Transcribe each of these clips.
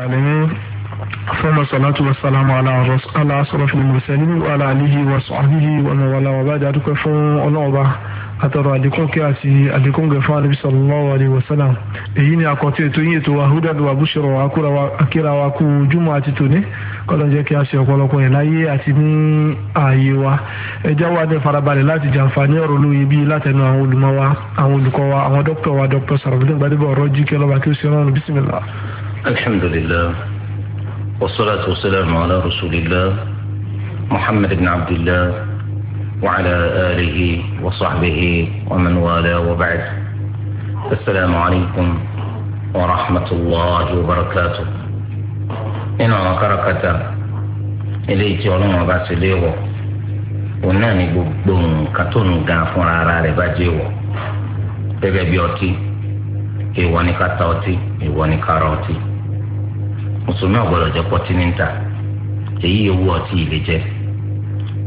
العالمين ثم الصلاة والسلام على على أشرف المرسلين وعلى آله وصحبه ومن والاه وبعد أدوك فون ọlọ́ọ̀ba àtọ̀rọ̀ àdínkù kí àti àdínkù gẹ̀ fún àdébí sallallahu alaihi wasallam èyí ni àkọ́tí ètò yìí ètò wahudan wa bushra akíra wa kú júmọ̀ àti tòní kọ́lọ́ jẹ́ kí a ṣe ọ̀pọ̀lọpọ̀ yẹn láyé àti ní ààyè wa ẹjá wa ní farabalẹ̀ láti jàǹfààní ọ̀rọ̀ lóye bíi látẹnu àwọn olùmọ̀ wa àwọn olùkọ́ wa àwọn dókítà wa dókítà sàrọ̀bìlẹ̀ gbadébọ̀ ọ̀rọ̀ jí kẹlọ́ba kí ó ṣe ọ̀rọ̀ bismillah الحمد لله والصلاة والسلام على رسول الله محمد بن عبد الله وعلى آله وصحبه ومن والاه وبعد السلام عليكم ورحمة الله وبركاته إن وكركة إليك ولما بس ليه وناني بوم كتون غافون على رباجيه gẹ́gẹ́ bí ọtí èèwọ̀ ní ká ta mùsùlùmí ọ̀gbọ́dọ̀ jẹ́ pọtí ní ta èyí ewu ọtí ilé jẹ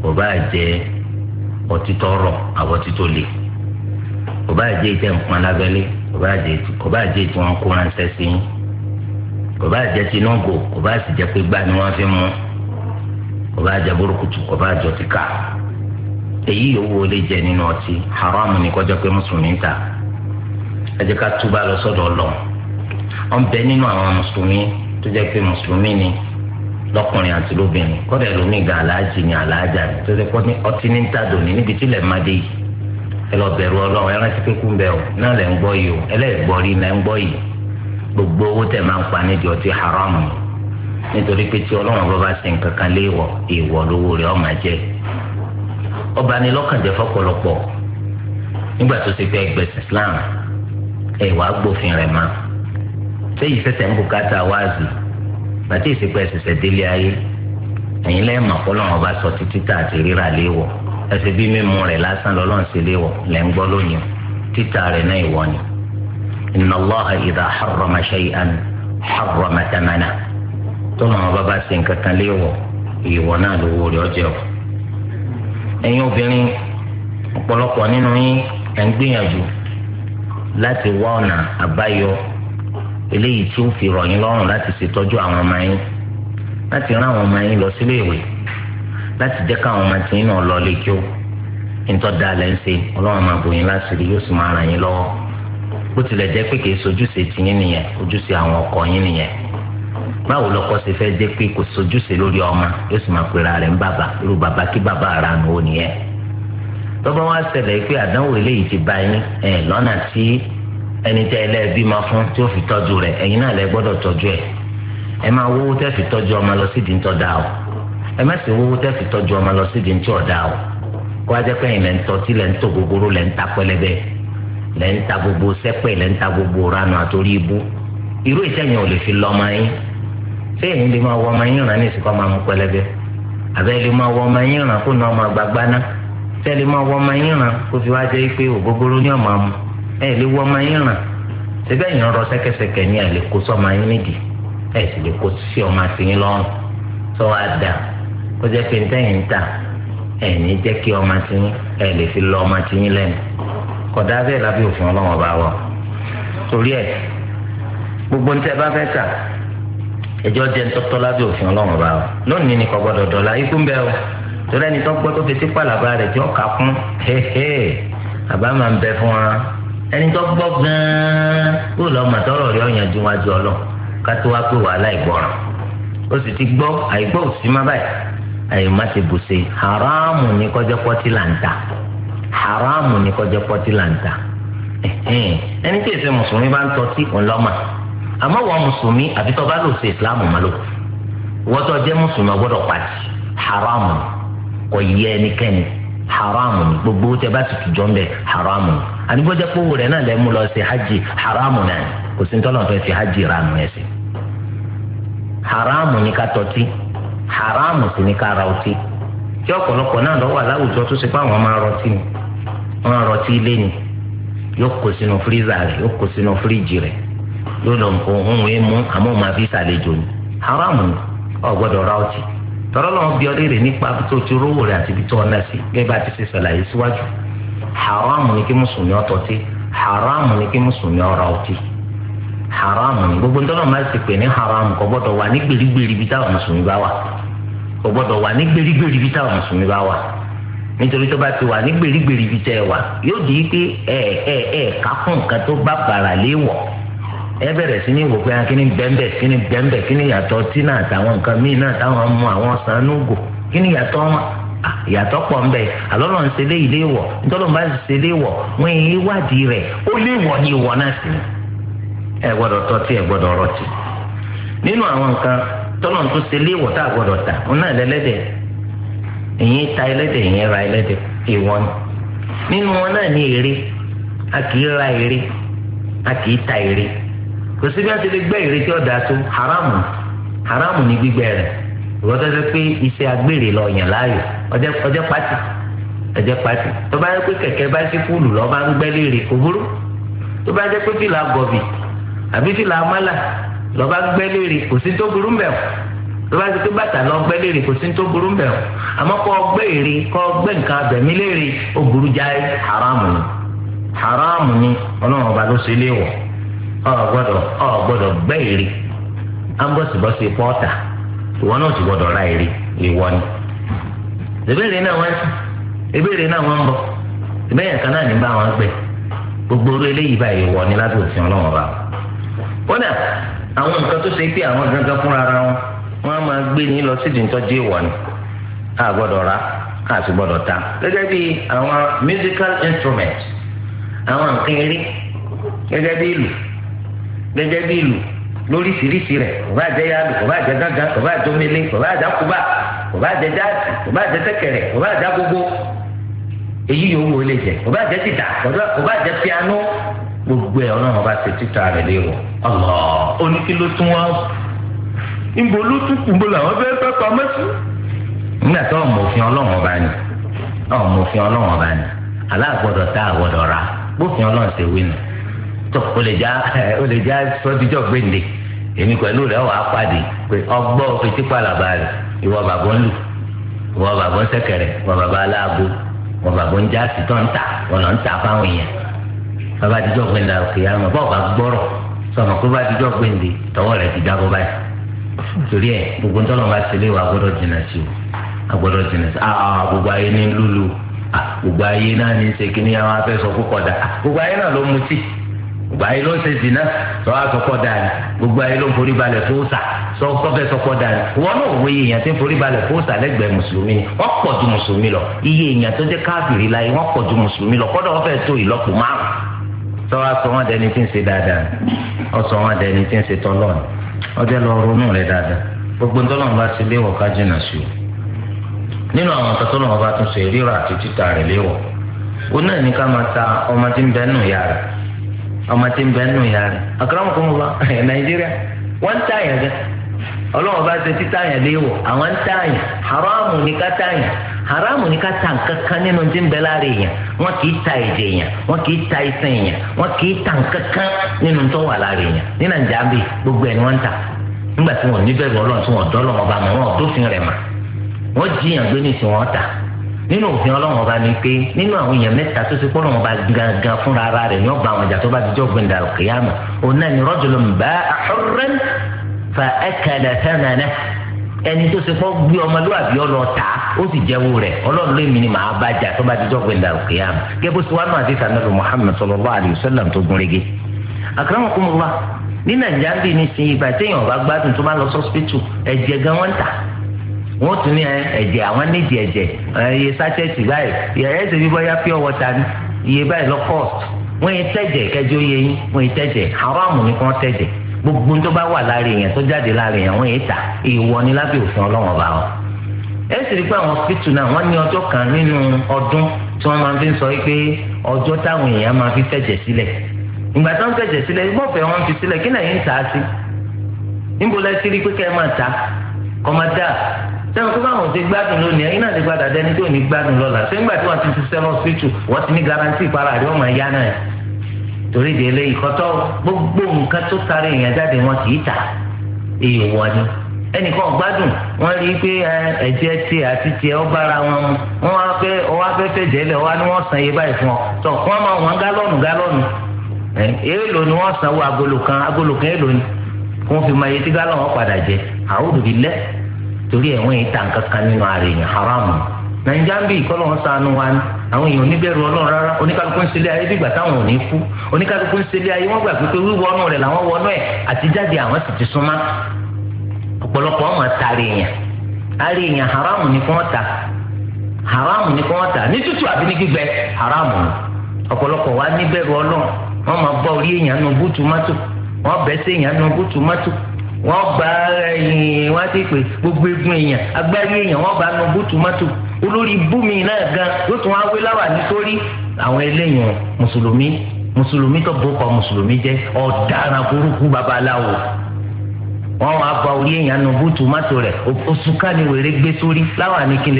kò bá jẹ ọtí tó rọ̀ àbọ̀tí tó le kò bá jẹ ìtẹ̀ nǹkan lábẹ́lé kò bá jẹ ìtẹ̀ wọn kó ránṣẹ́ sí yín kò bá jẹ tinubu kò bá sì jẹ pé gbá ni wọ́n fi mú kò bá jẹ burúkutu kò bá jọ ti ká èyí ewu olè jẹ nínú ọtí haramu ni kọjá pé mùsùlùmí ta ẹ jẹ́ ká túbà lọ sọ́dọ̀ Ọlọ́run ọ̀n bẹ nínú àwọn mùsùlùmí tó jẹ́ pé mùsùlùmí ni lọ́kùnrin àti lóbìnrin kọ́dà ẹlòmíì gan aláàjì ni aláàjà ni tó jẹ́ pé ọtí ní tàdó ni níbi tí ilẹ̀ má dé yìí ẹ lọ bẹ̀rù ọlọ́run ẹ rántí pé kú ń bẹ̀ ọ́ náà lẹ̀ ń gbọ́ yìí o ẹlẹ́gbọ́ rí náà ń gbọ́ yìí gbogbo owó tẹ̀ máa ń pa nídìí ọtí haram nítorí pé tí ọlọ́run bá bá ṣe nǹkan kan léèwọ̀ èèwọ̀ lówó rẹ̀ ọ̀ máa jẹ́ ọba ni lọ́kànjẹ́ fọ́pọ̀lọpọ̀ nígbà tó ṣe pé ẹgbẹ́ Islam ẹ̀ wàá gbófin rẹ̀ máa sẹ́yìn sẹ́sẹ̀ ń bùkátà wáàzì bàtí ìsìnkú ẹ̀sìnsẹ̀ délé ayé ẹ̀yin lẹ́yìn mọ̀ kọ́lọ́run ọba sọ títí tà àti rírà léwọ̀ ẹsẹ̀ bí mímu rẹ̀ lásán lọ́lọ́run sí léwọ̀ lẹ́ ń gbọ́ lónìí títà rẹ̀ náà ìwọ ni. inna Allaha idha harrama shay'an harrama thamana tọ́lọ́run ọba bá ṣe nǹkan kan léwọ̀ ìwọ náà ló wọlé ọjọ́ o. ẹ̀yin obìnrin ọ̀pọ̀lọpọ̀ nínú yín ẹ̀ ń gbìyànjú láti wá ọ̀nà àbáyọ eléyìí tí fi rọ̀ lọrùn lati láti ṣètọ́jú àwọn ọmọ yín láti rán àwọn ọmọ yín lọ sílé ìwé láti jẹ́ káwọn ọmọ náà lọ lè kí ó nítọ́ da alẹ́ ń ṣe ọlọ́run máa bò yín láṣìírí yóò sì máa ràn yín lọ́wọ́ ọkọ yín nìyẹn báwo lọkọ ṣe fẹ́ jẹ́ pé kò sojúṣe lórí ọmọ yóò sì máa pera rẹ̀ ń irú bàbá kí bàbá ara nìyẹn wá ṣẹlẹ̀ pé àdánwò eléyìí ti bá yín tí ẹni tẹ ẹlẹ́ẹ̀bí máa fún tí ó fi tọ́jú rẹ̀ ẹ̀yin náà lẹ gbọ́dọ̀ tọ́jú ẹ̀ ẹ máa wówó tẹ́ fi tọ́jú ọmọ lọ sídìí ńtọ́ da o ẹ má sì wówó tẹ́ fi tọ́jú ọmọ lọ sídìí ńtọ́ da o kó ajẹ́ pé ẹ̀yin lẹ́ ń tọ́ tí lẹ́ ń tó gogoro lẹ́ ń ta pẹ́lẹ́bẹ́ lẹ́ ń ta gbogbo sẹ́pẹ́ lẹ́ ń ta gbogbo ranu àtòrí ibú irú ìṣẹ́yìn ò lè fi lọ ọmọ yín ṣé ẹ lè wọ ọmọ yín ràn síbẹ̀ yìí ń rọ sẹ́kẹsẹkẹ ní ẹ lè kó sọmọ yín nídìí ẹ sì lè kó sí ọmọ àtìyín lọ́rùn sọ wá dà ó jẹ́ pé ntẹ́yìn ta ẹ ní jẹ́ kí ọmọ àtìyín ẹ lè fi lọ ọmọ àtìyín lẹ́nu kódà bẹ́ẹ̀ lábẹ́ òfin ọlọ́wọ́n bá wọ torí ẹ gbogbo ntẹ́ bá fẹ́ ta ẹjọ́ jẹ́ ntọ́tọ́ lábẹ́ òfin ọlọ́wọ́n bá wọ lónìí ni kò gbọ́dọ̀ dọ̀la ikú ń bẹ́ o torí ẹni tó gbọ́ tó fi sí pàlàbà rẹ̀ jọ́ kà kún hẹ́hẹ́ àbá máa ń bẹ fún wa ẹni tó gbọ́ gan-an ó lọ màtọ́rọ̀ rí ọ̀yànjú wájú ọlọ́ ká tó wá pé wàhálà ìgbọràn ó sì ti gbọ́ àìgbọ́ òsì má báyìí àyèmá ti bùṣe haramu ní kọjá pọ́tì làǹtà haramu ní kọjá pọ́tì làǹtà ẹni tí èsè mùsùlùmí bá ń tọ́tí ńlọ́mà àmọ́ wọ́n mùsùlùmí àbí bá lò gbogbo tẹ bá àdìgbọ́jẹ́ pòwò rẹ̀ náà lẹ́mú lọ sí hajj haramu náà kò sí tọ́lọ̀ fẹ́ fi hajj ranu ẹ̀ sí. haramu ni ká tọ́tí haramu sì ni ká ra ọtí tí ọ̀pọ̀lọpọ̀ náà lọ́wọ́ aláwùjọ tó ṣe pé àwọn máa rọtí ni wọ́n rọtí ilé ni yóò kó sínú fíríza rẹ̀ yóò kó sínú fíríjì rẹ̀ yóò lọ nǹkan ohun ẹ̀ mú àmọ́ máa fi ṣàlejò ni haramu ni ọ̀ gbọ́dọ̀ ra ọtí tọ́lọ́ lọ́wọ́ bí ọdẹ rẹ̀ nípa tó ti rówó rẹ̀ ọ haram ni kí mùsùlùmí ọtọ tí haram ni kí mùsùlùmí ọra ọtí haram ni gbogbo ntọ́nà máa ti pè ní haram kò gbọ́dọ̀ wà ní gbèrígbèrí bí táwọn mùsùlùmí bá wà kò gbọ́dọ̀ wà ní gbèrígbèrí bí táwọn mùsùlùmí bá wà nítorí tó bá ti wà ní gbèrígbèrí bí tẹ́ wà yóò di pé ẹ ẹ ẹ kákún nǹkan tó bá bàrà léèwọ̀ ẹ bẹ̀rẹ̀ sí ní wò pé kíni bẹ́ńbẹ̀ kíni bẹ́ńbẹ̀ kíni yàtọ̀ tí náà àtàwọn nǹkan míì náà táwọn mú àwọn sanúgò kíni yàtọ̀ wọn Ah, ìyàtọ̀ pọ̀ ń bẹ àlọ́lọ́ ń ṣe léyìí léwọ̀ ntọ́lọ́ bá ṣe léwọ̀ wọ́n èyí wádìí rẹ̀ ó léwọ̀ ní ìwọ náà sí ẹ gbọ́dọ̀ tọ́ tí ẹ gbọ́dọ̀ ọ̀rọ̀ tì nínú àwọn nǹkan tọ́lọ́ tó ṣe a wọn náà ta ẹlẹ́dẹ̀ ìyẹn ra ẹlẹ́dẹ̀ ìwọ ni nínú wọn náà ní a kì í ra a kì í ta èrè kò sí bí ti gbẹ́ tí haramu ìwọ tó ṣe pé iṣẹ́ agbèrè lọ yàn láàyò ọjọ́ pàtì ẹ̀jẹ̀ pàtì tó bá yẹ pé kẹ̀kẹ́ bá sí fúlù lọ́ bá ń gbẹ́ léèrè kò burú tó bá jẹ́ pé fìlà gọ̀bì àbí fìlà amálà lọ́ bá ń gbẹ́ léèrè kò sí tó burú mbẹ̀ tó bá ti pé bàtà lọ gbẹ́ léèrè kò sí tó burú mbẹ̀ àmọ́ kọ́ gbẹ́ èrè kọ́ gbẹ́ nǹkan abẹ̀mí léèrè ó burú jáì haramu ni haramu ni ọlọ́run ọba ló ṣe léèwọ̀ ọ̀ gbọ́dọ̀ ọ̀ gbọ́dọ̀ gbẹ́ èrè ambọ̀sibọ́sì pọ́ọ̀tà ìwọ náà sì gbọdọ̀ ra èrè ìwọ ni ìbéèrè náà wọ́n ìbéèrè náà wọ́n ń bọ̀ ìbéèrè kan náà ní bá wọn gbẹ gbogbo orí eléyìí báyìí ìwọ ni lábẹ́ òfin ọlọ́wọ́n bá wọn. kódà àwọn nǹkan tó ṣe pé àwọn gangan fúnra ara wọn wọn á máa gbé ní lọ sídìí nítọ́jú ìwọ ni a gbọdọ̀ ra a sì gbọdọ̀ ta gẹ́gẹ́ bí àwọn musical instruments àwọn nǹkan eré gẹ́gẹ́ bí ìlù gẹ́gẹ́ bí ìlù lóríṣiríṣi rẹ̀ kò bá jẹ́ yálù kò bá jẹ́ gángan kò bá jẹ́ omele kò bá jẹ́ akuba kò bá jẹ́ jáàtì kò bá jẹ́ tẹ́kẹ̀rẹ̀ kò bá jẹ́ agogo èyí yóò wò lè jẹ kò bá jẹ́ tìta kò piano gbogbo ẹ̀ ọlọ́run ọba ṣe títà rẹ̀ léwọ̀ ọlọ́ oníkìló tún wá ńbo ló tún kù ńbo làwọn fẹ́ fẹ́ pamọ́ sí. nígbà tó ọmọ òfin ọlọ́run ọba ni ọmọ òfin ọlọ́run ọba ni aláàgbọ́dọ̀ tá àgbọ́dọ̀ ra bófin ọlọ́run ṣe wí nù tó o lè já o lè já sọ́díjọ́ gbèǹde èmi pẹ̀lú rẹ̀ wà á pàdé pé ọgbọ́ etí pàlàbà rẹ̀ ìwọ bàbá ń lù ìwọ bàbá ń sẹ̀kẹ̀rẹ̀ ìwọ bàbá aláàbò ìwọ bàbá ń já sítọ́ ń tà wọn lọ ń tà fáwọn èèyàn bàbá àtijọ́ gbèǹde òkè àwọn bọ́ọ̀ bá gbọ́rọ̀ sọmọ kó bá àtijọ́ gbèǹde tọwọ́ rẹ̀ ti dábọ̀ báyìí torí ẹ gbogbo ń tọ́lọ́ bá sílé wa gbọ́dọ̀ jìnnà sí o agbọ́dọ̀ jìnnà sí a ah, ah, gbogbo ayé ní lulu ah, gbogbo ayé náà ní ṣe kí ni àwọn afẹ́ sọ kó kọ̀dà gbogbo ayé náà gbogbo ayé ló ń ṣe zina sọ wá sọpọ dàní gbogbo ayé ló ń forí balẹ̀ fóòsà sọ sọfẹ dàní wọn náà wọ iye èèyàn ń forí balẹ̀ ju mùsùlùmí lọ iye èèyàn tó jẹ́ la láyé wọ́n pọ̀ ju mùsùlùmí lọ kọ́dọ̀ wọ́n tó ìlọ́po márùn sọ wá tí ń ṣe dáadáa ọ sọ wọn tí ń ṣe ọmọ tí ń bẹ nù ìyá rẹ̀ akramakumullah nàìjíríà wọ́n ń tààyàn gan bá ṣe àwọn ń tààyàn haramu ní ká tààyàn haramu ní ká ta nǹkan kan nínú tí ń bẹ lára èèyàn wọn kì í ta èdè èèyàn wọn kì í ta iṣan èèyàn wọn kì í ta nǹkan kan nínú tó wà lára èèyàn ní nàìjíríà bí gbogbo ni ń nígbà tí wọn ò ní bẹ̀rù ọlọ́run tí wọn ò taa. nínú òfin ọlọ́run ọba ni pé nínú àwọn èèyàn mẹ́ta tó ti kọ́nà ọba gangan fúnra ara rẹ̀ ní ọgbà àwọn ìjà tó bá ti jọ gbẹ̀ndà òkèèyàn òun náà ni rajulun ba'a hurran fa akala thamana ẹni tó ti kọ́ gbé ọmọlúwàbí ọlọ ta ó sì jẹ́wọ́ rẹ̀ ọlọ́run lèmi ni màá bá jà tó bá ti jọ gbẹ̀ndà òkèèyàn gẹ́gẹ́ bó ti wá náà ti sànàlù Muhammad sallallahu alayhi wa sallam tó gún régé akramakumullah ní nàìjíríà bí ní sin ìgbà téèyàn ọba gbádùn tó bá lọ sọ́sìpítù ẹ̀jẹ̀ gan wọ́n ń wọ́n tún ní ẹ̀jẹ̀ àwọn eje ẹ̀jẹ̀ iye sachet báyìí iye ẹ̀sẹ̀ bíbọ́ ya pure water ní iye báyìí lọ cost wọ́n yẹn tẹ̀jẹ̀ kẹjọ yẹ yín wọ́n yẹn tẹ̀jẹ̀ haramu ni tẹ̀jẹ̀ gbogbo tó bá wà lára èèyàn tó jáde lára èèyàn wọ́n yẹn ta èèwọ̀ ni lábẹ́ òfin ọlọ́wọ́n bá wọn. ẹ rí pé àwọn náà wọ́n ní ọjọ́ kan nínú ọdún tí wọ́n máa fi ń sọ pé ọjọ́ táwọn èèyàn máa fi tẹ̀jẹ̀ sílẹ̀ ìgbà tó ń tẹ̀jẹ̀ sílẹ̀ wọn fi sílẹ̀ kí náà sí níbo rí pé kẹ́ ẹ máa ta sẹ́wọ́n tó báwọn ti gbádùn lónìí ẹ̀yin náà ti gbádùn tó ní gbádùn lọ́la ṣé tí wọ́n ti ṣiṣẹ́ wọ́n ti ní garanti ìpara àrí ọmọ ìyá náà torí ilé ìkọ́tọ́ gbogbo nǹkan tó tarí èèyàn jáde wọn kì í tà èèwọ̀ ni ẹnìkan gbádùn wọn rí i pé ẹ̀jẹ̀ tiẹ̀ àti tiẹ̀ bára wọn mu wọn wá torí ẹ̀wọ̀n yìí tàn kankan nínú ara èèyàn haramu nàìjíríà ń bí ìkọlọ́ wọn sànù wa ni àwọn èèyàn oníbẹ̀rù ọlọ́run rárá oníkálukú ń ṣẹlẹ̀ ayé dìgbà táwọn ò ní kú oníkálukú ń ṣẹlẹ̀ ayé wọ́n gbà pé wíwọ ọ̀nà rẹ̀ làwọn wọnú ẹ̀ àti jáde àwọn sì ti súnmá ọpọlọpọ ọmọ èèyàn èèyàn haramu ni kò ta haramu ta ní tútù gbígbẹ haramu wa máa orí èèyàn nù wọ́n bá ẹ̀yìn wọ́n ti pè gbogbo egun èèyàn agbárí èèyàn wọ́n bá nu bútu mọ́tò olórí bùmí náà gan yóò tún wáá wé láwà nítorí àwọn eléyìn mùsùlùmí mùsùlùmí tó bókọ mùsùlùmí jẹ́ ọ̀daràn burúkú babaláwo wọ́n wáá bá orí èèyàn nu bútu mọ́tò rẹ̀ oṣù ká ni wèrè gbé sórí láwà ní kí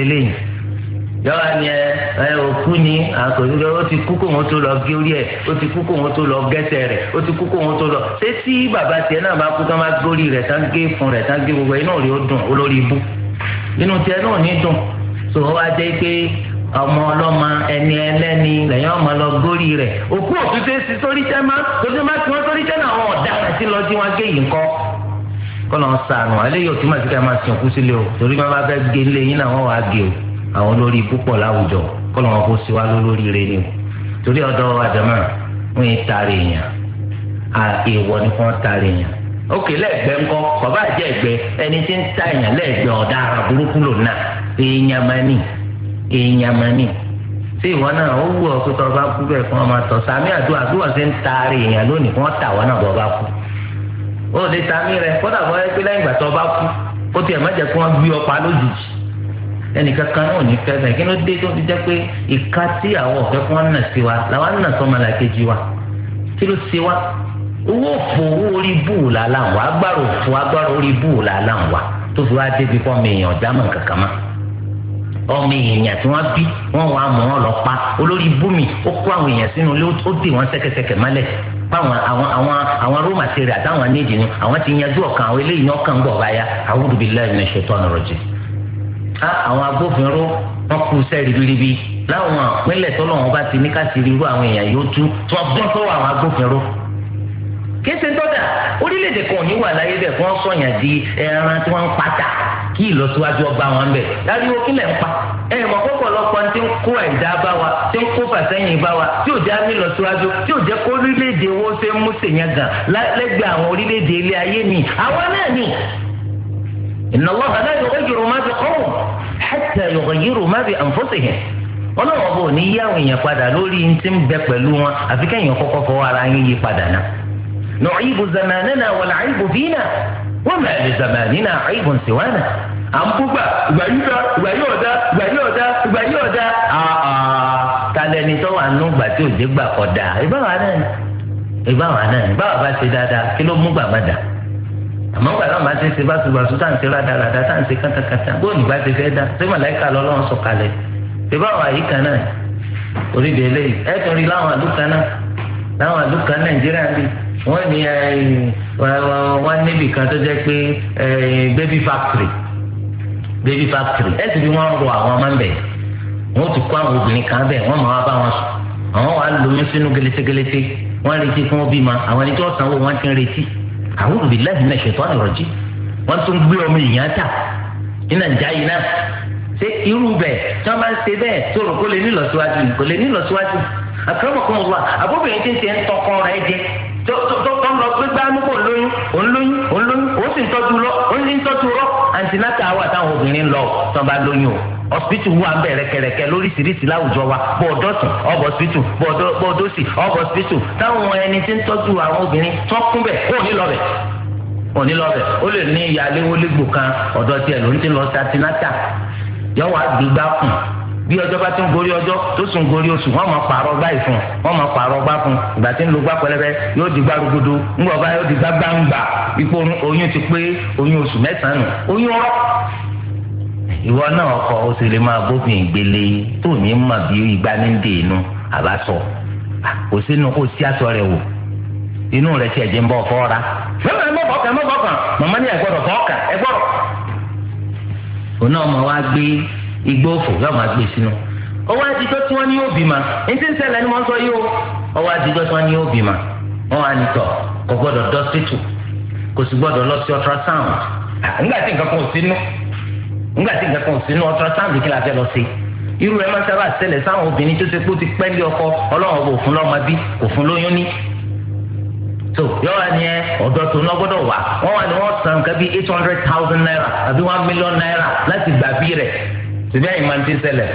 yọ̀wá ni ẹ ẹ òkú ni àkòrí ó ti kú kó wọn tó lọ gé orí ẹ ó ti kú kó wọn tó lọ gẹ́sẹ̀ rẹ̀ ó ti kú kó wọn tó lọ ṣé bàbá tiẹ̀ náà bá kú tán bá gbórí fún rẹ tán gé gbogbo inú rẹ ó dùn olórí ibú inú náà ní dùn tó wá pé ọmọ ẹni ọmọ lọ gbórí òkú sórí má má tí sórí náà wọn lọ wọn gé yìí kọ́ lọ́n sànù àlẹ́ yóò túmọ̀ sílẹ̀ o torí bá fẹ́ gé lé yín àwọn olórí púpọ̀ láwùjọ kọ́lọ̀ wọn kó síwá lórí rẹ ni o torí ọ̀dọ́ àjọmọ́ wọn yìí taari èèyàn èèwọ̀ ni wọ́n taari èèyàn òkè lẹ́gbẹ̀ẹ́ ńkọ́ bàbá àjẹ́ ẹ̀gbẹ́ ẹni tí ń ta èèyàn lẹ́gbẹ̀ẹ́ ọ̀daràn burúkú lò náà èèyàn máa nì èèyàn máa nì tí ìwọ náà ó wù ọ pé tọ́ bá kú bẹ́ẹ̀ fún ọmọ àtọ̀ sàmì àdúrà bí wọ́n ṣe ń taari èèyàn lónìí fún ọ́tà wọn náà bọ́ bá kú ó lè sàmì rẹ kódà bọ́ ẹ pé lẹ́yìn ìgbà tó bá kú ó tiẹ̀ má jẹ́ kí wọ́n gbé ọ pa lójijì ẹnìkan kan náà ní fẹ́ bẹ́ẹ̀ kí ló dé tó fi jẹ́ pé ìka tí àwọn ọ̀fẹ́ fún wọn nà sí wa làwọn nà sọmọlá kejì wa kí ló ṣe wa owó òfò owó orí búù làlá wa agbára òfò agbára orí búù làlá wa tó fi wá débi kọ́ mi èèyàn dámọ̀ kankan mọ́ ọmọ èèyàn tí wọ́n bí wọ́n wà mọ́ wọn lọ pa olórí bùnmi ó kó àwọn èèyàn sínú ilé ó dè wọ́n sẹ́kẹsẹkẹ mọ́lẹ̀ fáwọn àwọn àwọn àwọn raw material táwọn nídìí ni àwọn ti yanjú ọkàn àwọn eléyìí ní ọkàn gbọ ọba ya a'udhu billahi minash shaitani rajim á àwọn agbófinró wọn kú sẹ́ẹ̀rì ríbi láwọn àpínlẹ̀ tọ́lọ́wọ́n bá ti ní ká sì rí irú àwọn èèyàn yóò tú tí wọ́n bọ́ sọ́wọ́ àwọn agbófinró kése tọ́jà orílẹ̀-èdè kan ò ní wà láyé bẹ́ẹ̀ fún sọ̀yàn di ẹran tí wọ́n ń pata kí ìlọsíwájú ọgbà wọn bẹ̀ láríwó kí lẹ̀ ń pa ẹ mọ̀ kókò lọ́pọ̀ tí ń kó ẹ̀dá bá wa tí ń kó fàsẹ́yìn bá wa tí ò jẹ́ àmì ìlọsíwájú tí ò jẹ́ kó orílẹ̀-èdè owó ṣe ń mú sèyàn gàn lẹ́gbẹ̀ẹ́ àwọn orílẹ̀-èdè ilé ayé ni àwa náà ni inna الله لا yughayyiru ما bi qawmin hatta yughayyiru ma bi anfusihim wọn náà wọ́n bò ní yí àwọn èèyàn padà lórí ní ti ń bẹ pẹ̀lú wọn àfi kẹ́yìn kọ́kọ́ fọwọ́ ara yín yí padà náà. nu'ibu zamanana wal 'aybu fina wa ma li zamanina 'aybun siwana. à ń bú gbà ìgbà yí dá ìgbà yí ọ̀dá ìgbà yí ọ̀dá ìgbà yí ọ̀dá. talẹ̀ ni tó wà gbà tí òde gbà kọ̀ dà ìbáwá náà ìbáwá náà ìbáwá bá ti dáadáa àmọ́ gbàdá máa ti ṣe báṣubàṣu tá à ń ṣe rádaràdà tá à ń ṣe kátàkátà bóòlù bá ti fẹ́ dá ṣé màláìka lọ́lọ́run sọ̀kalẹ̀ ṣé báwọn àyíká náà orílẹ̀ eléyìí ẹ̀ tún rí láwọn àdúkà náà láwọn àdúkà nàìjíríà bíi wọ́n ní wọ́n níbi kan tó jẹ́ pé baby factory baby factory ẹ̀ sì bí wọ́n rọ àwọn ọmọ bẹ̀ wọ́n ti kó àwọn obìnrin kan bẹ̀ wọ́n máa bá wọn sùn àwọn wàá lóyún sínú gẹlẹtẹgẹlẹtẹ wọ́n retí fún wọn bímọ àwọn ẹni tó sanwó wọ́n ti ń retí a'udhu billahi minash shaitani rajim wọ́n tún gbé ọmọ èèyàn ta iná ń já yìí náà ṣé irú bẹ́ẹ̀ tí wọ́n bá ń ṣe bẹ́ẹ̀ tó rò kó lè nílọsíwájú kò lè nílọsíwájú àkàràmọ̀kọ́mọ̀wá àbóbìnrin tí ń ṣe ń tọkọ rẹ̀ jẹ tó tó tó ń lọ gbégbá nípò lóyún òun lóyún òun lóyún òun sì ń tọ́jú lọ òun ní ń tọ́jú lọ antinata wà táwọn obìnrin lọ tán bá lóyún o hospital wà bẹ́ẹ̀ rẹ́kẹrẹ́kẹ́ lóríṣiríṣi láwùjọ wa bọ́ọ̀dọ́ tún ọ̀bọ̀ hospital bọ́ọ̀dọ́ sí ọ̀bọ̀ hospital táwọn ẹni tí ń tọ́jú àwọn obìnrin tó kún bẹ̀ kó ní lọ bẹ̀ kó ní lọ bẹ̀ ó lè ní ìyá léwólégbò kan ọ̀dọ́ tiẹ̀ ló ti lọ sí antinata yọ wá gbígbá kùn bí ọjọ́ bá ti ń gorí ọjọ́ tó sùn gorí oṣù wọn máa pààrọ̀ gbá ìfún wọn máa pààrọ̀ gbá fún ìgbà tí ń lo gbá pẹlẹbẹ yóò di gbá rúgudu ńgbọ̀ bá yóò di gbá gbangba ipò oyún ti pé oyún oṣù mẹ́sàn-án oyún ọ̀rọ̀ ìwọ náà ọkọ o sì lè máa bófin ìgbélé tó ní mà bí ìgbà ní dè inú àbásọ kò sínú kò sí aṣọ rẹ wò inú rẹ ń bọ̀ ra. ẹ̀ igbó òfò yóò máa gbé sínú ọwọ́ àtijọ́ tí wọ́n ní yóò bímọ ètí ń ṣẹlẹ̀ ni wọ́n sọ yóò ọwọ́ àtijọ́ tí wọ́n ní yóò bímọ wọ́n wá ní tọ̀ kò gbọ́dọ̀ dọ́ kò sì gbọ́dọ̀ lọ sí ultrasound nǹkan kan ò sínú nǹkan kan ò sínú ultrasound kí la fẹ́ lọ sí irú ẹ máa sábà sáwọn obìnrin tó ṣe pé ó ti pẹ́ ọkọ ni ẹ tó wà ní san eight hundred thousand naira àbí one million naira láti gbà bí rẹ. síbí ẹ̀yin máa ń ti ṣẹlẹ̀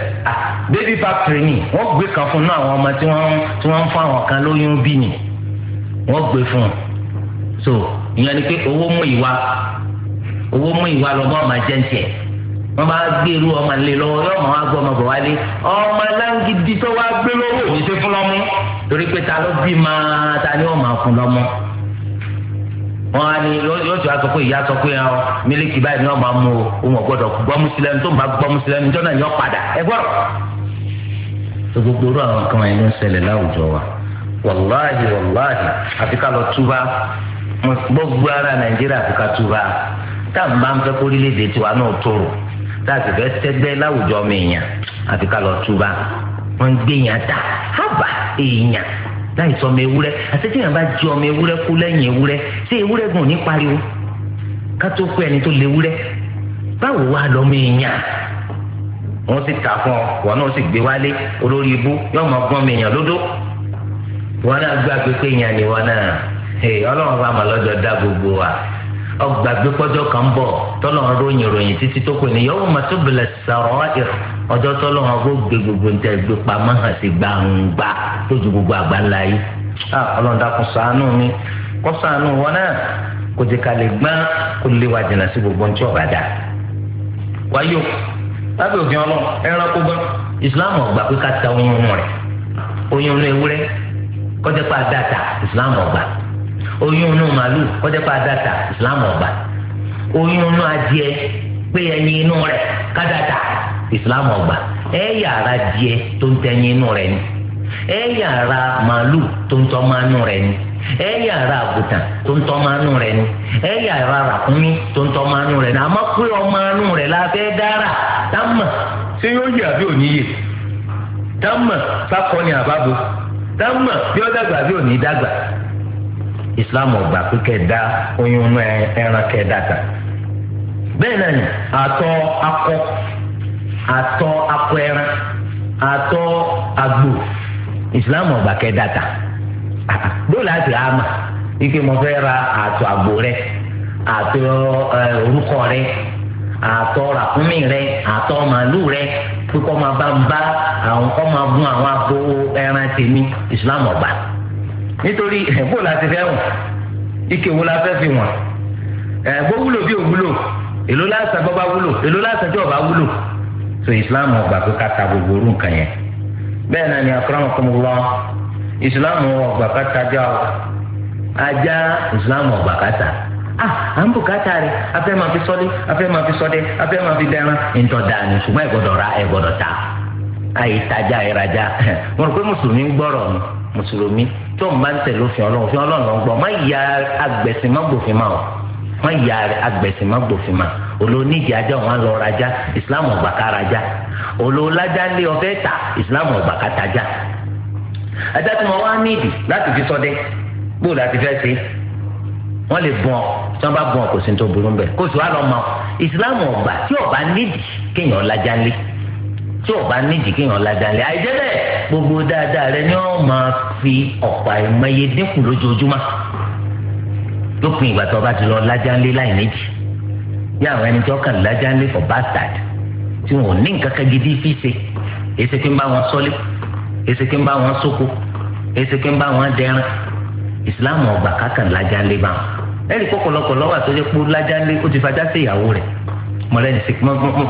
baby factory ni wọ́n gbé kan fún náà àwọn ọmọ tí wọ́n ń fún àwọn kan lóyún bí ni wọ́n gbé fún un so ìyẹn ni pé owó mú ìwà owó mú ìwà lọ́gbọ́n máa jẹ́ ń tiẹ̀ bá gbé irú ọmọ ilé lọ́wọ́ yóò mọ̀ wá gbọ́ ọmọ bọ̀ wálé ọmọ aláǹgídí tó wá gbé lọ́wọ́ òní ṣe fún lọ́mú torí pé ta ló bí máa ta ni wọ́n máa fún lọ́mú. wọn á ní yóò tún aṣọ pé ìyá sọ pé ọ mílíkì báyìí ni wọn máa mú o wọn gbọdọ gbọ́ mùsùlùmí tó ń bá gbọ́ mùsùlùmí jọ náà ni wọn padà ẹ gbọ́dọ̀. tó gbogbo orú àwọn kan ẹni ń ṣẹlẹ̀ láwùjọ wa wàláhì wàláhì lọ gbogbo ara nàìjíríà tá à ń bá ń fẹ́ tiwa náà tá a sì fẹ́ tẹ́gbẹ́ láwùjọ mi lọ gbé ta láì sọmọ ewúrẹ́ àti tí yàn bá jẹ ọmọ ewúrẹ́ kú lẹ́yìn ewúrẹ́ tí ewúrẹ́ gùn ní pariwo ká tó kú ẹni tó lé ewúrẹ́ báwo wá lọ́mọ èèyàn wọ́n sì tà fún ọ wọn náà sì gbé wálé olórí ibú yóò máa gbọ́n mi èèyàn lódó wọn náà gbàgbé pé èèyàn ni wọn náà ọlọ́run bá mọ̀ lọ́jọ́ dá gbogbo wa ọgbàgbé pọ́jọ́ kan bọ̀ tọ́lọ́run ròyìn ròyìn títí tó kù ní yọ̀wọ́ mọ̀tòbìlẹ̀ sọ̀rọ̀ ẹ̀rọ ọjọ́ tọ́lọ́ wọn kó gbé gbogbo níta gbé pamọ́ hàn sí gbangba lójú gbogbo àgbáńlá yìí. Ah, ọlọ́run dákun ṣàánú mi kó ṣàánú wọn náà kò jẹ́ ká lè gbọ́n kó lè wá jìnnà sí gbogbo ní tí ọ̀gá dà. wáyé o lábẹ́ òfin ọlọ́run ẹranko gan islam ọ̀gbà pé ká ta oyún rẹ̀ oyún inú ewúrẹ́ kọjá pa dáta islam ọ̀gbà oyún inú màálù kọjá pa dáta islam ọ̀gbà oyún inú adìẹ pé ẹyin inú rẹ̀ ká dáta islam ọgbà ẹ yàrá díẹ̀ tó ń tẹyin inú rẹ̀ ni ẹ yàrá màálù tó ń tọ́ rẹ tó ń tọ́ rẹ ẹ yàrá ràkúnmí tó ń tọ́ rẹ ni àmọ́ ọmọ rẹ la fẹ́ dára dámà ṣé yóò yẹ àbí òní yẹ dámà sákọ ni àbábo dámà dàgbà àbí òní dàgbà islam ọgbà oyún ẹran akọ àtọ̀ akọ ẹran àtọ̀ àgbò ìsìláàmù ọ̀gbà kẹ́ dàtà dóòlà àti àmà ike mo fẹ́ ra àtọ̀ àgbò rẹ àtọ̀ orúkọ rẹ àtọ̀ ràkúnmí rẹ àtọ̀ màálù rẹ pé kọ́ máa bá ń bá àwọn kọ́ máa gún àwọn abo ẹran tèmi islam ọ̀gbà nítorí ẹ̀gbọ́n la ti fẹ́ wọ̀n ike wo la fẹ́ fi wọ̀n ẹ̀gbọ́n wúlò bí òwúlò èló lásán bọ́ bá èló lásán tí ọba so islam ọgbà pé ká gbogbo orú nǹkan yẹn bẹ́ẹ̀ náà ni akramakumullah islam ọgbà o ajá islam ọgbà kata" ta ah à ń rẹ afẹ́ máa fi sọ́dé afẹ́ máa fi sọ́dé afẹ́ máa fi dẹ́ran ìtọ́ ṣùgbọ́n ra ẹ ta ìrajà mo rò pé mùsùlùmí ń gbọ́rọ̀ mi mùsùlùmí tó ń bá ń tẹ̀lé òfin ọlọ́run òfin ọlọ́run gbọ́ má má gbòfin má olóníjì ajá wọn lọ rajá islam ọgbà ká rajá olólájá lé ọfẹ ta islam ọgbà ká tajá ajá tí wọn wá nídìí láti fi ṣọdẹ bó láti fẹ́ ṣe wọn lè bùn ọ tí wọn bá bùn ọ kò sí ní tó burú bẹ kó sì wá lọ mọ islam ọgbà tí ọba nídìí kéèyàn lájá lé tí o bá nídìí kí yàn ládàlẹ̀ àìjẹ́ bẹ́ẹ̀ gbogbo dáadáa rẹ ni wọ́n máa fi ọ̀pá ìmọye dínkù lójoojúmọ́ lópin ìgbà tó o bá ti lọ lájàlé láì nídìí bí àwọn ẹni tó kàn lájà ńlẹ̀ for bastard tí wọn ò ní nǹkan kan gidi fi ṣe èsì kí ń bá wọn sọ́lé èsì kí ń bá wọn sóko èsì kí ń bá wọn dẹran ìsìláàmù ọgbà kákàn lájà ńlẹ̀ bá wọn ẹ̀rí kọ́kọ́lọ́kọ́ lọ́wọ́ àtọ́jọ́ pé lájà ńlẹ̀ ó ti fajá sí ìyàwó rẹ̀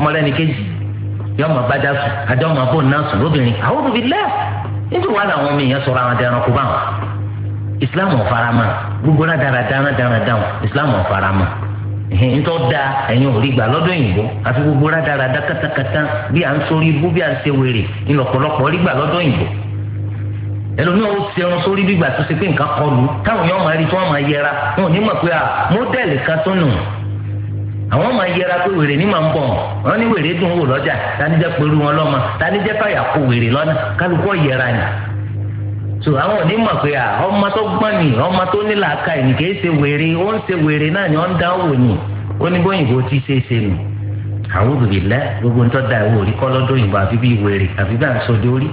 mọ̀lẹ́ni kejì yọọ ma bàjá sùn àjọ ma bò náà sùn lóbìnrin àwọn òbí lẹ́ẹ̀ nítorí wàhálà àwọn ọmọ èèyàn sọ̀rọ̀ àwọn adẹranko báwọn ìsìláàmù ọ̀farama gbogbo náà ntọ́ da ẹ̀yin ò rí gbà lọ́dọ̀ òyìnbó àti gbogbo rádaràda kátàkátà bí à ń sórí ibú bí à ń ṣe wèrè ńlọpọlọpọ rí gbà lọ́dọ̀ òyìnbó ẹlòmíì ó ṣe irun sórí bí gbà tó ṣe pé nǹkan kọlu táwọn èèyàn máa rí tí wọ́n máa yẹra wọn ò ní mọ̀ pé à mọ́dẹ́lì kan tó nù àwọn máa yẹra pé wèrè ní màá ń bọ̀ wọn ní wèrè dùn wò lọ́jà tani jẹ́ pẹ̀lú wọn lọ́mọ tani jẹ́ fàyà kó wèrè lọ́nà kálukọ́ yẹra ni. so àwọn òní mọ̀ pé à ọmọ tó gbọ́n ni ọmọ tó ní làákà were nìkan ṣe wèrè ó ń ṣe wèrè náà ni ó ń dán wò ó ní bóyìnbó ti ṣe é ṣe nù àwọn òbí lẹ gbogbo ń tọ́ da ìwò orí kọ́ òyìnbó àfi bí wèrè àfi bí à ń sọ de orí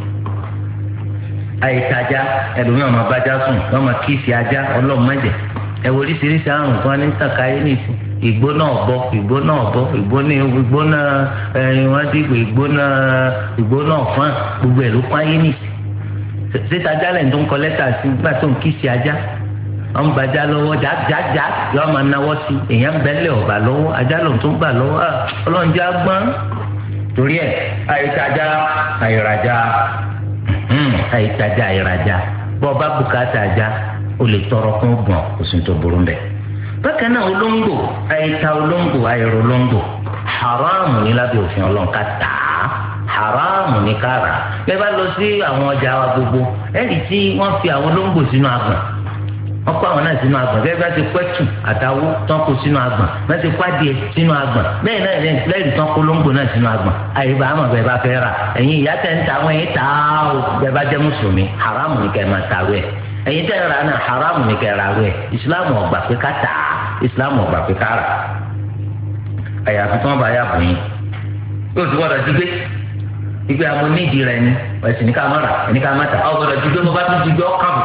àìtajà ẹlòmíràn ọmọ bájá sùn ọmọ ajá ọlọ́mọdé oríṣiríṣi àrùn fún ṣèṣe ajálẹ̀ tó ń kọ lẹ́tà sí gbà tó ń kí sí ajá wọn gbajà lọ́wọ́ jájájá yọ ọmọ náwó sí èèyàn ń bẹ́lẹ̀ ọ̀gbà lọ́wọ́ ajá lòun tó ń gbà lọ́wọ́ ah, ọlọ́njẹ́ agbọ́n torí ẹ̀ àìtajà àìrajà hmm, àìtajà àìrajà bọ́ ọba bùkátà ajá o lè tọrọ kún gbọ̀n kò sí tó burú mbẹ́ bákan náà olóńgbò àìta olóńgbò àìrò olóńgbò haram ní lábẹ́ òfin ọlọ́run ká tàá haramu ní kára bẹ́ẹ̀ bá lọ sí àwọn ọjà wa gbogbo ẹ̀rí tí wọ́n fi àwọn olóńgbò sínú agbọ̀n wọ́n kó àwọn náà sínú agbọ̀n bẹ́ẹ̀ bá ti pẹ́tù àtàwó tán kó sínú agbọ̀n bẹ́ẹ̀ ti pàdé sínú agbọ̀n bẹ́ẹ̀ náà lẹ́yìn lẹ́yìn tán kó lóńgbò náà sínú agbọ̀n àyíbá àmọ̀ bẹ́ẹ̀ bá fẹ́ rà ẹ̀yin ìyá tẹ̀ ń ta àwọn ẹ̀yìn tá o bẹ́ẹ̀ bá jẹ́ mùsùlùmí haramu ní kẹ́ẹ̀ máa ta rẹ̀ ẹ̀yin tẹ̀ ń ra náà haramu ní kẹ́ẹ̀ ra rẹ̀ ìsìlámù ò gbà pé ká tà ìsìlámù ò gbà ìgbé àwọn onídìí rẹ ni ẹ̀sìn ní ká má rà ní ká má tà ọ gbọ́dọ̀ jíjọ́ bó bá tún jíjọ́ kàwé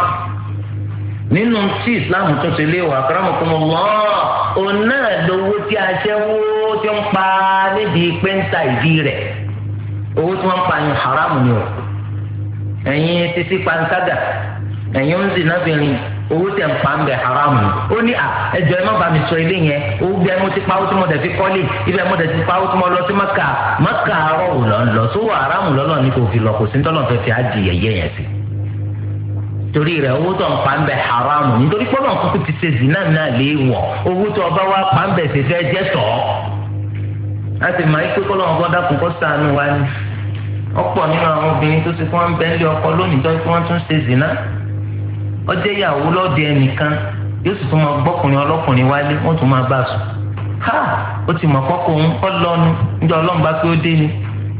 nínú tí islam tó ti lé wà akramakumullah òun náà lówó tí aṣẹ́wó tí ń pa níbi pẹ́ńtà ìdí rẹ̀ owó tí wọ́n pa yín haram ni o ẹ̀yin títí panṣágà ẹ̀yin ń zìnà bìnrin owó tẹ̀ ń pa ń bẹ̀ haram ó ní à ẹjọ́ ẹ má bàa mi sọ ilé yẹn owó ti fi ti pawó tí mo lọ sí maka maka arọ ò lọ lọ sówó haram lọ́nà kò fi lọ kò sí ń tọ́nà fẹ́fẹ́ á di yẹ̀yẹ́ yẹn sí torí owó tó pa haram nítorí kúkú ti ṣe zina náà léèwọ̀ owó tó wa pa ọ ìyàwó lọ́dẹ ẹnìkan yóò sì tún máa gbọkùnrin ọlọ́kùnrin wálé wọ́n tún máa bá a sùn ha ó ti ma kọ́kọ́ òun kọ́ lọ́nu níjọ́ ọlọ́run bá pé ó dé ni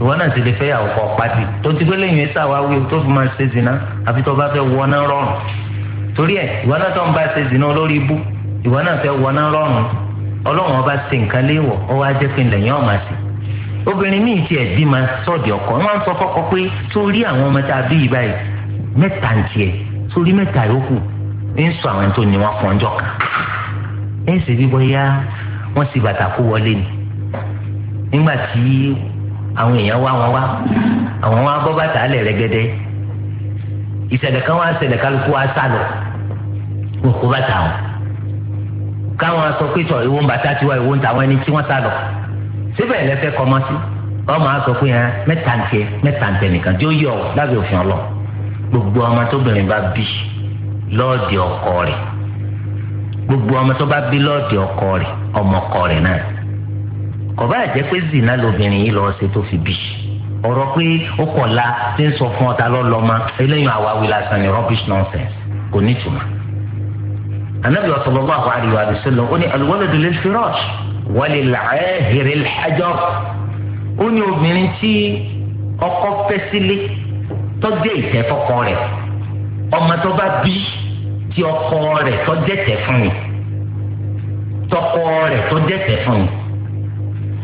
ìwọ náà ti lè fẹ yàwó kọ́ pàdé tó ti pé lẹ́yìn tó fi máa ṣe zina àfi bá fẹ́ wọ náà rọrùn torí ẹ̀ ìwọ náà tó olórí ibú ìwọ fẹ́ wọ náà rọrùn sórí mẹ́ta yòókù ń sọ àwọn tó ní wọn fún kan ẹ̀ sì bí bóyá wọ́n sì bàtà kó wọlé ni nígbà tí àwọn èèyàn wá wọn wá àwọn wá bọ́ bàtà alẹ̀ rẹ́gẹ́dẹ́ ìṣẹ̀lẹ̀ kan wá ṣẹlẹ̀ kálukú wá sálọ wọn kó bàtà wọn káwọn sọ pé tọ ìwọ ń bàtà tiwa ìwọ ń ta àwọn ẹni tí wọ́n sálọ síbẹ̀ lẹ́fẹ̀ẹ́ kọ́mọ́ sí ọmọ àá sọ pé yẹn mẹ́ta ń tẹ mẹ́ta ń tẹ nìkan tí ó yọ ọ lábẹ́ òfin ọlọ́ọ̀ gbogbo ọmọ tóbìnrin bá bí lọ́ọ̀dì ọkọ rẹ̀ gbogbo ọmọ tó bá bí lọ́ọ̀dì ọkọ rẹ̀ ọmọ ọkọ rẹ̀ náà kò bá jẹ́ pé zina lobìnrin yìí lọ́ọ́ ṣe tó fi bí ọ̀rọ̀ pé ó kọ̀ la ti ń sọ fún ọ̀tá lọ́lọ́mọ eléyìí àwáwí lásán ni rubbish nonsense kò ní ìtumọ̀ anabi sallallahu alaihi wa sallam ó ní alwaladu lil firash walil ahiril ó ní obìnrin tí ọkọ fẹ́ tọ́jú ìtẹ́ fọ́kọ rẹ̀ ọmọ tó bá bí tí ọkọ rẹ̀ tọ́jú ẹ̀tẹ́ fún mi tọkọ rẹ̀ tọ́jú ẹ̀tẹ́ fún mi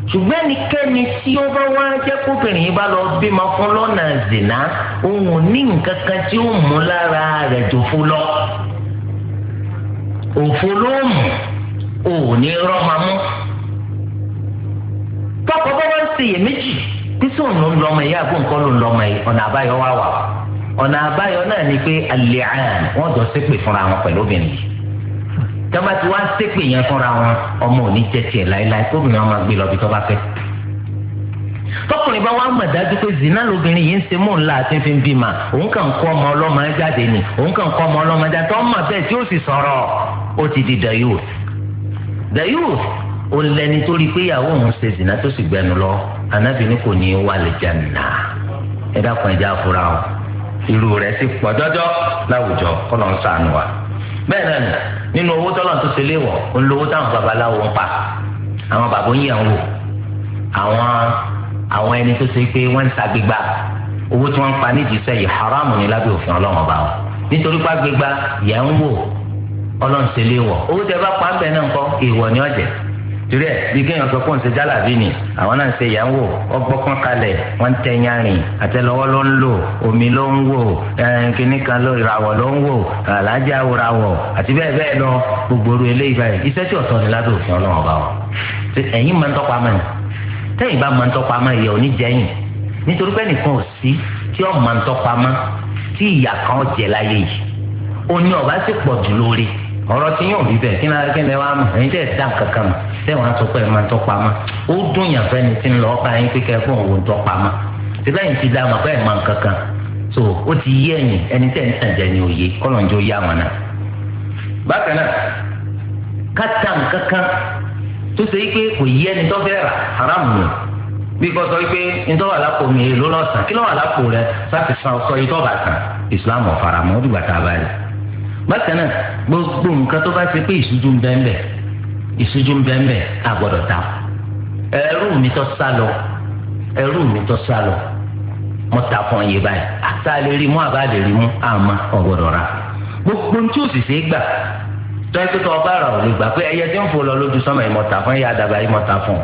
ṣùgbọ́n ẹnikẹ́ni tí ó bá wá jẹ́ kóbìnrin yìí bá lọ bímọ fún lọ́nà zìnà òun ò ní nǹkan kan tí ó mú lára rẹ̀ jòfó lọ òfo ló mú òun ní rọ́mọ mú tọkọ bá wá ń ṣiyèméjì bísí òun ló ń lọ́mọ yìí àbó nǹkan ló ń lọ́mọ yìí ọ̀nà àbáyọ wá wà ọ̀nà àbáyọ náà ni pé alẹ́ àn wọ́n jọ ṣépè fúnra wọn pẹ̀lú obìnrin yìí tọ́ba ti wá ṣépè yẹn fúnra wọn ọmọ ò ní jẹ́ tiẹ̀ láéláé kóbìnrin ọmọ gbé lọ bí tọ́ba fẹ́ tọkùnrin bá wà mọ̀ dájú pé zina lobìnrin yìí ń ṣe mò ń àti fi ń bí ma òun kàn kọ́ ọmọ ọlọ́mọ jáde ni òun kàn kọ́ ọmọ ọlọ́mọ jáde tó ń mọ̀ bẹ́ẹ̀ tí ó sì sọ̀rọ̀ ó ti di the youth the youth ò lẹni tó rí i pé ìyàwó òun ṣe zina tó sì gbẹnu lọ anabi ni kò ní wà lè jẹnà ẹ dákun ẹjẹ àfúrà o irú rẹ̀ sì pọ̀ jọjọ láwùjọ kọlọ ń sànù wa bẹ́ẹ̀ náà ni nínú owó tọ́lọ̀ tó ṣe léwọ̀ ń lo owó táwọn babaláwo ń pa àwọn bàbá ń yàn wò àwọn àwọn ẹni tó ṣe pé wọ́n ń ta gbígbà owó tí wọ́n ń pa nídìí sẹ́yìn haram ni lábẹ́ òfin ọlọ́run ọba wa nítorí pàgbégbá yẹn ń wò ọlọ́run ṣe léwọ̀ owó tẹ bá pa ń bẹ náà ń kọ́ èèwọ̀ ni ọ̀jẹ̀ torí ẹ bí kéèyàn sọ pé òun ni àwọn náà ṣe ìyàwó ọgbọ́kàn kalẹ̀ wọ́n ń tẹ yanrìn àtẹ́lẹwọ́ ló ń lò omi ló ń wò kínní kan ló ìràwọ̀ ló ń wò àlàájá òràwọ̀ àti bẹ́ẹ̀ bẹ́ẹ̀ lọ gbogbo oru eléyìí báyìí iṣẹ́ tí ọ̀tọ̀ ni lábẹ́ òfin ọlọ́run ọba wa ẹ̀yin máa ń tọ́pa mọ́ ni tẹ́yìn bá máa ń tọ́pa mọ́ ìyẹ̀ òní jẹ́yìn nítorí pé nìkan ò sí tí ọ̀ máa ń tọ́pa mọ́ tí ìyà kan jẹ ọ̀rọ̀ tí yóò bí bẹ́ẹ̀ kí náà kí ni wàá mọ̀ ẹ̀yin tẹ̀ dá kankan mọ̀ tẹ̀ wọ́n á sọ pé ẹ̀ máa tọ́ pamọ́ ó dùn yàn fẹ́ni tí ń lọ ọba yín pé kẹ́kọ̀ọ́ òun tọ́ pamọ́ síbẹ̀ yìí ti dá mọ̀ pé máa kankan so ó ti yé ẹ̀yìn ẹni tẹ̀ ń tàn jẹ́ ni òye kọ́lọ̀ ń jó yá wọn náà. bákan náà kátà kankan tó ṣe pé kò yí ẹni tó fẹ́ rà haramu ni bí kò sọ pé ntọ́ wà lápò mi èlò lọ́sàn kí ló wà lápò rẹ láti san ọkọ yìí tó bàtà ìsìlámù ọ̀faramọ́ ó dìgbà tá a bá rí bákan náà gbogbo nǹkan tó bá ṣe pé ìṣújú ń bẹ́ẹ̀ bẹ́ẹ̀ ìṣújú ń bẹ́ẹ̀ bẹ́ẹ̀ a gbọ́dọ̀ ta ẹrú mi tó sá lọ ẹrú mi tó sá lọ mo ta fún iye báyìí àtà lè rí mú àbá lè rí mú àmọ́ ọ̀gbọ́dọ̀ ra gbogbo tí ò sì ṣe é gbà tọ́jú tó ọba rà ò lè gbà pé ẹyẹ tí ń fò lọ lójú sọ́mọ̀ yìí mo ta fún ẹyẹ àdàbà yìí mo ta fún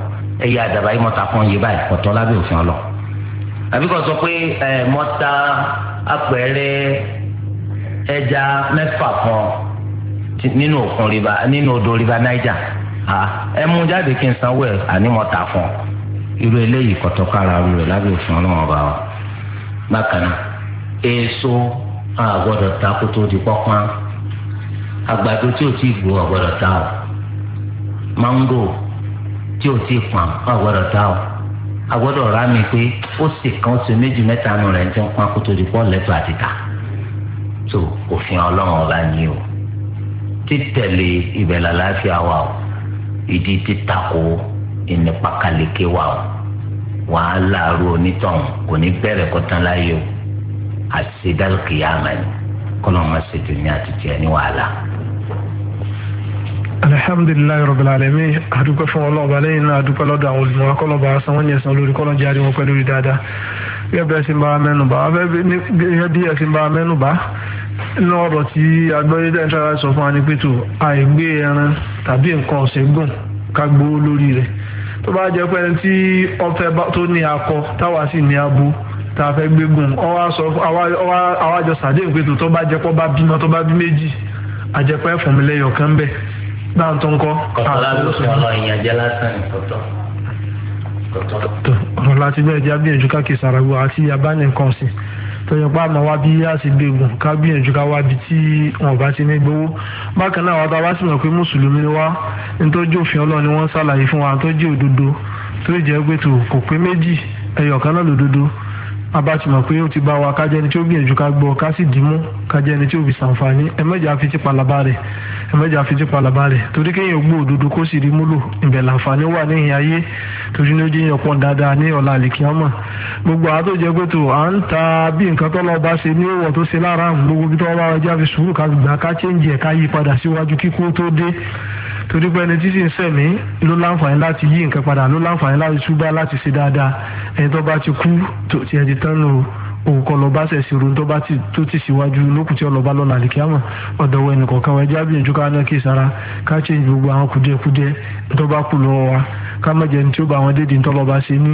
ẹyẹ àdàbà yìí mo ta fún iye báyìí ọ̀tọ̀ lábẹ́ òfin ọlọ́ àbíkọ̀ sọ pé ẹ mo ta apẹ̀rẹ̀ ẹja mẹ́fà kan nínú òkun riba nínú odò riba Niger ẹ mú jáde kí n sanwó ẹ àní mo tà fún ọ irú eléyìí kọtọkọ ara rẹ lábẹ́ òfin Ọlọ́run ọba wa bákan náà èso àgbọ́dọ̀ ta kó tó di pọpọn àgbàdo tí o ti gbó àgbọ́dọ̀ ta o mángò tí o ti pọn àgbọ́dọ̀ ta o àgbọ́dọ̀ rà mí pé ó sì kan ó sì méjì mẹ́ta nù rẹ jẹun pọn kó tó di pọ lẹtọ àti ta tó òfin ọlọ́run ọba ni o títẹ̀lé ìbẹ̀lẹ̀ aláfíà wa o ìdí títako ìnípakalẹ̀kẹ́ wa o wàhálà aró onítọ̀hún kò ní bẹ̀rẹ̀ kọ́tán láyé o àti ṣe dálùkì yá àmàlẹ́ kọ́lọ́mọ́sẹ̀ tó ní àtijọ́ ní wàhálà alhamdulilayi rabbil alamin adúpẹ́ fún ọlọ́ọ̀bá lẹ́yìn náà adúpẹ́ lọ́dọ̀ àwọn olùmọ̀ akọ́lọ́ba sanwó-ní ẹ̀sán lórí kọ́lọ́ jáde wọn pẹ̀lú rí dáadáa gẹ́gẹ́ bẹ́ẹ̀ sì ń bá wa mẹ́nubà gẹ́gẹ́ bí ẹ̀ sì ń bá wa mẹ́nubà nínú ọ̀rọ̀ tí agbẹ́yẹ dẹ́ntara sọ fún wa ní pẹ̀tù àìgbé ẹran tàbí nǹkan ọ̀sẹ̀ gùn ká gbowó lórí rẹ̀ tó bá jẹ́ pé ẹni tí ọ̀fẹ́ tó ní akọ táwa sì ní abo tá a fẹ́ gbégùn ọwọ́ sọ àwa jọ sàdéhùn náà tó ń kọ́. kọ̀tọ́lá ló fi ọ̀nà ìyànjẹ́ lásán ní kọ̀tọ́. ọ̀rọ̀ láti bẹ́ẹ̀ jẹ́ agbẹ́yẹ̀jú káàkiri sàràgbọ́ àti abánìkan sí tọ́jọ́ pé àmọ́ wá bí a sì gbẹ̀gùn ká gbìyànjú ká wá bí tí wọn bá ti ní gbowó bákan náà wàá tá a bá sì mọ̀ pé mùsùlùmí ni wá nítòjú òfin ọlọ́run ni wọ́n ṣàlàyé fún wa tó jẹ́ òdodo tó jẹ́ pé tó kò pé méjì ẹyọ̀kan náà lòdodo abá ti mọ̀ ti bá wa kájẹ́ ẹni tí ó gbìyànjú ká gbọ́ ká sì dìímú kájẹ́ ẹni tí ó fi sàǹfààní ẹ̀mẹ́jà fi ti palaba rẹ̀ ẹ̀mẹ́jà fi ti palaba rẹ̀ torí kéèyàn gbọ́ òdodo kó sì rí múlò ìbẹ̀ làǹfààní wà ní ìhìn ayé torí ní ó jẹ́ èèyàn pọ̀ dáadáa ní ọ̀la àlìkíyàmọ̀ gbogbo àwọn tó jẹ́ pé tó à ń ta bí nǹkan tó lọ́ọ́ bá ṣe ní òwò tó ṣe lára gbogbo bí tó wọ́n bá wọ́n jẹ́ sùúrù ká gbà ká chẹ́ǹjì ẹ̀ ká yí padà síwájú kíkó tó dé torí pé ẹni tí sì ń sẹ̀mí ló láǹfààní láti yí nǹkan padà ló láǹfààní láti túbá láti ṣe dáadáa ẹni tó bá ti kú tó tiẹ̀ ti tán lò ó. òkò lọba ṣẹ̀ṣì ru tó bá tó ti síwájú lókùn tí ọlọ́ba lọ́la àlìkíyàmọ̀ ọ̀dọ̀wọ̀ ẹnìkọ̀ọ̀kan wẹ̀ jábìyàn ju ká náà kí sara ká change gbogbo àwọn kùdìẹ̀kùdìẹ̀ tó bá kù lọ́wọ́ wa ká má jẹ́ ní tí ó bá wọn dédìí tọ́lọ́ba ṣe ní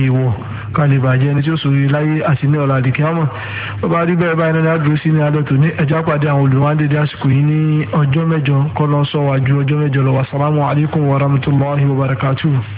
èèwọ̀ ká lè bàjẹ́ ní tí ó sòrí láyé àti ní ọ̀la rí báyìí